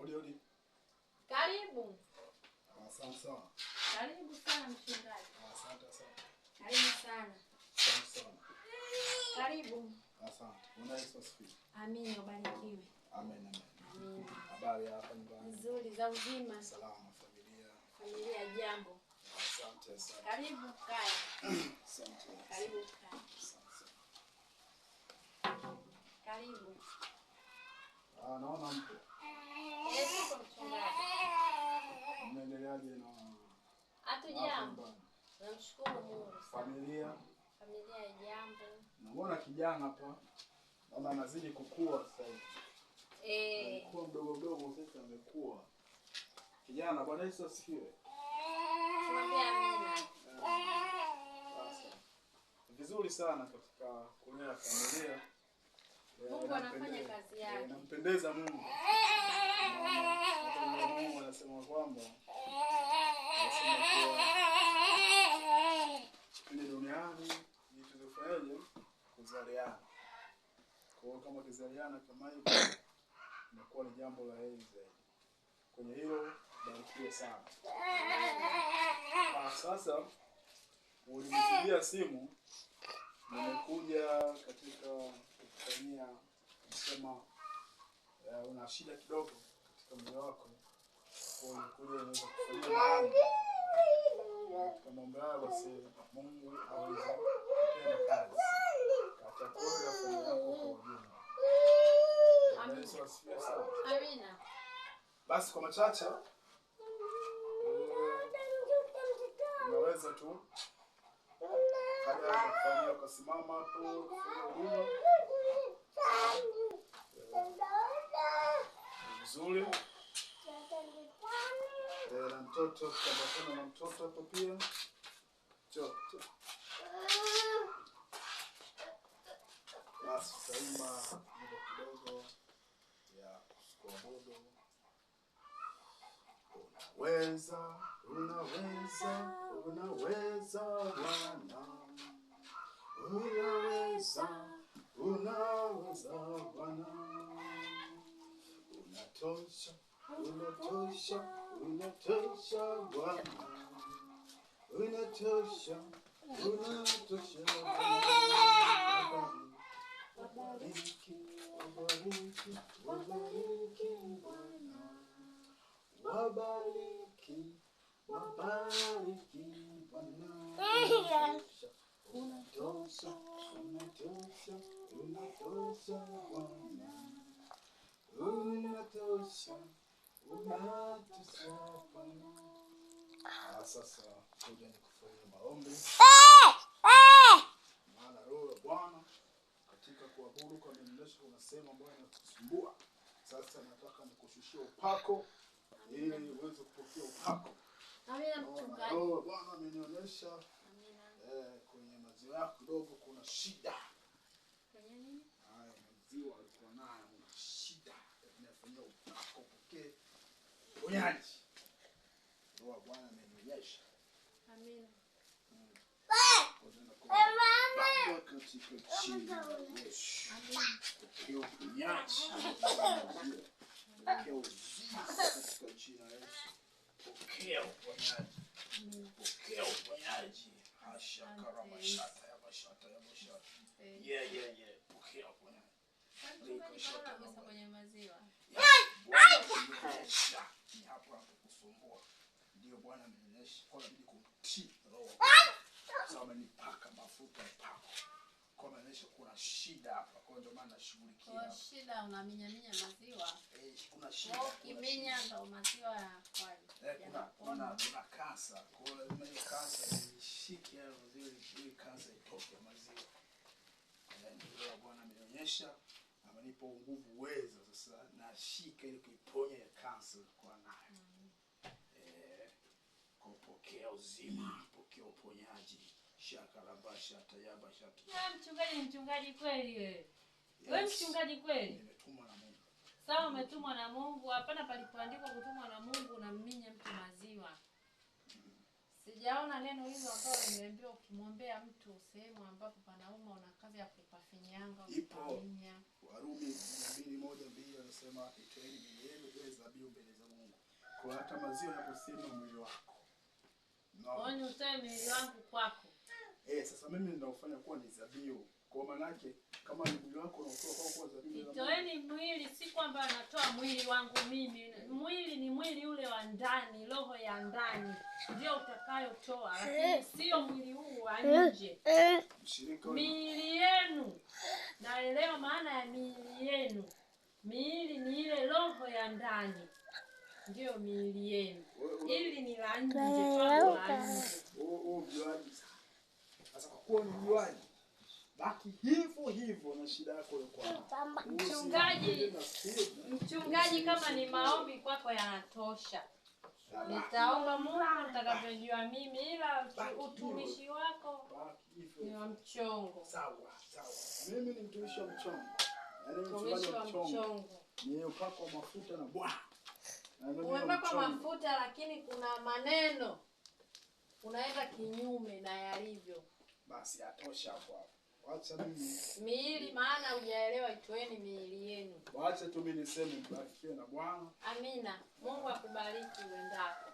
Odi odi. Karibu. Asante sana. Karibu sana mchungaji. Asante sana. Karibu sana. Asante sana. Karibu. Asante. Bwana Yesu asifiwe. Amina, ubarikiwe. Amen, amen. Habari hapa nyumbani? Nzuri za uzima. Salama familia. Familia jambo. Asante sana. Karibu kaya. Asante. Karibu kaya. Karibu. Ah, naona mtu. tu Namshukuru Mungu. Familia. Familia ya jambo. kijana hapa. Naona anazidi kukua sasa hivi. Eh. Alikuwa mdogo mdogo sasa Kijana Bwana Yesu asifiwe. Vizuri sana katika kulea familia. Mungu eh, anafanya kazi yake. Eh, Nampendeza Mungu. Eh. Mungu anasema kwamba kuzaliana. Kwa hiyo kama kizaliana kama hivyo inakuwa ni jambo la heri zaidi. Kwenye hilo barikiwe sana. Ah, sasa ulinipigia simu nimekuja katika kufanyia kusema uh, una shida kidogo katika mwili wako, kwa hiyo nimekuja naweza kufanyia kwa mambo hayo, basi Mungu aweza Basi kwa machache unaweza tu kufanya ukasimama vizuri eh, na mtoto na mtoto hapo pia basi kidogo kidogo ya kuabudu Una, una, una, una. Una, unaweza una, una. Bwana unaweza unaweza Bwana unatosha unatosha una. Bwana unatosha unatosha Wabariki wabariki wabariki Bwana Wabariki, wabariki Bwana. Unatosha, unatosha, unatosha Bwana. Unatosha, unatosha Bwana. Ah, sasa kuja nikufanyie maombi. Eh, eh. Maana roho ya Bwana katika kuabudu kwa mnenesho unasema ambayo inakusumbua. Sasa nataka nikushushie upako ili uweze kupokea upako. Roho Bwana amenionyesha eh, kwenye maziwa yako kidogo kuna shida. Haya maziwa alikuwa nayo una shida, inafanyia upako, pokee uponyaji. Roho Bwana amenionyesha. Amina. Eh, eh, katika jina la Yesu. Amina. Pokea uponyaji. O que é o cantina é O que é o punhade? O é é é. que é o punhade? Racha, caramba, chata, ela chata, ela chata. Yeah, yeah, yeah. O que é o punhade? Rika, chata, ela maziwa. Bwana, nimekunyesha. Ni hapo hapo kusumbua. Ndio bwana, nimekunyesha. Kwa nini inaonyesha kuna shida hapa, kwa hiyo ndio maana nashughulikia. Kwa shida unaminyaminya maziwa eh, kuna shida oh, Kwa ukiminya ndio maziwa ya kwani eh, kuna kuna kuna kansa. Kwa hiyo lazima hiyo kansa ishike ya maziwa, ili kansa itoke maziwa. Eh, ndio Bwana amenionyesha amenipa nguvu uwezo sasa nashika ili kuiponya ya kansa kwa nayo. Mm. Eh, kupokea uzima, pokea uponyaji shakaraba shatayaba shatu. Ya mchungaji mchungaji kweli wewe. Wewe mchungaji kweli? Nimetumwa na Mungu. Sawa, umetumwa na Mungu. Hapana palipoandikwa kutumwa na Mungu unamminya mtu maziwa. Sijaona neno hilo ambalo nimeambiwa ukimwombea mtu sehemu ambapo panauma una kazi ya kupafinyanga kupaminya. Warumi mbili anasema itoeni miili yenu iwe dhabihu mbele za Mungu. Kwa hata maziwa yanaposema mwili wako. No. Kwani utoe miili wangu kwako. Eh, sasa mimi naofanya kuwa ni dhabihu. Kwa maana yake kama ni mwili wako unaotoa kwa kuwa dhabihu. Nitoeni mwili, si kwamba anatoa mwili wangu mimi. Mwili ni mwili ule wa ndani, roho ya ndani ndio utakayotoa, lakini eh. sio mwili huu wa eh, nje. Eh. Miili yenu, naelewa maana ya miili yenu. Miili ni ile roho ya ndani ndio miili yenu, ili ni la nje, la nje kuwa juani, baki hivyo hivyo na shida yako mchungaji. Mchungaji, kama ni maombi kwako yanatosha, nitaomba Mungu nitakavyojua mimi, ila utumishi wako ni wa mchongo. Sawa sawa, mimi ni mtumishi wa mchongo, mtumishi wa mchongo nimepakwa mafuta na Bwana. Umepakwa mafuta, lakini kuna maneno unaenda kinyume na yalivyo basi atosha hapo hapo. Wacha mimi miili, maana hujaelewa. Itoeni miili yenu, wacha tu mimi niseme mbarikiwe na Bwana. Amina. Mungu akubariki wendako